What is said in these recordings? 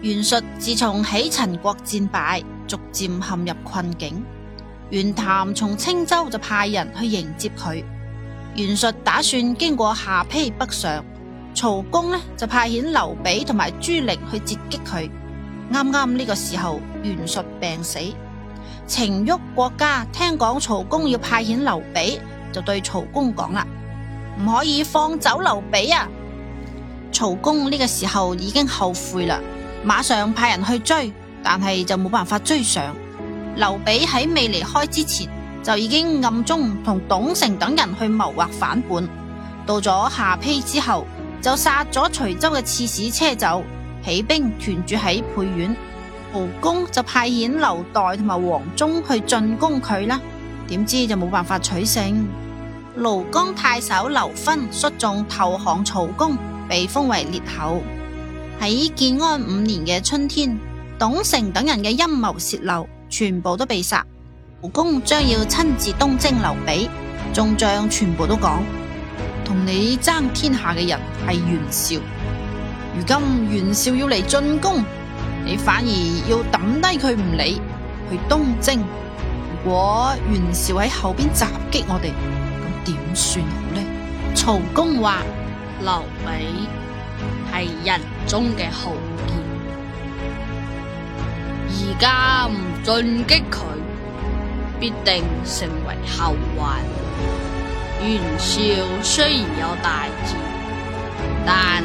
袁術自從喺陳國戰敗，逐漸陷入困境。袁譚從青州就派人去迎接佢。袁術打算經過下邳北上，曹公呢就派遣劉備同埋朱靈去截擊佢。啱啱呢個時候，袁術病死。程昱郭嘉聽講曹公要派遣劉備，就對曹公講啦，唔可以放走劉備啊！曹公呢個時候已經後悔啦，馬上派人去追，但係就冇辦法追上。劉備喺未離開之前就已經暗中同董承等人去謀劃反叛。到咗下邳之後，就殺咗徐州嘅刺史車走，起兵屯住喺沛縣。曹公就派遣劉岱同埋黃忠去進攻佢啦，點知就冇辦法取勝。廬江太守劉勳率眾投降曹公。被封為列侯。喺建安五年嘅春天，董承等人嘅陰謀泄漏，全部都被殺。曹公將要親自東征劉備，眾將全部都講：同你爭天下嘅人係袁紹，如今袁紹要嚟進攻，你反而要抌低佢唔理去東征。如果袁紹喺後邊襲擊我哋，咁點算好呢？曹公話。劉備係人中嘅豪傑，而家唔進擊佢，必定成為後患。袁紹雖然有大志，但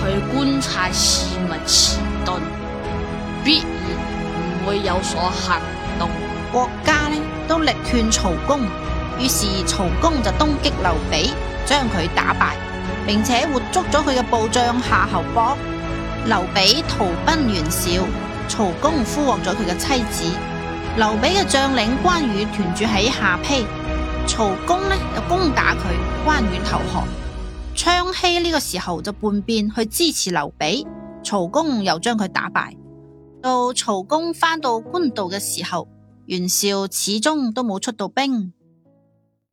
佢觀察事物遲鈍，必然唔會有所行動。國家呢都力勸曹公，於是曹公就東擊劉備，將佢打敗。並且活捉咗佢嘅部將夏侯博，劉備逃奔袁紹，曹公俘獲咗佢嘅妻子。劉備嘅將領關羽屯住喺下邳，曹公呢又攻打佢，關羽投降。昌豨呢個時候就叛變去支持劉備，曹公又將佢打敗。到曹公翻到官渡嘅時候，袁紹始終都冇出到兵。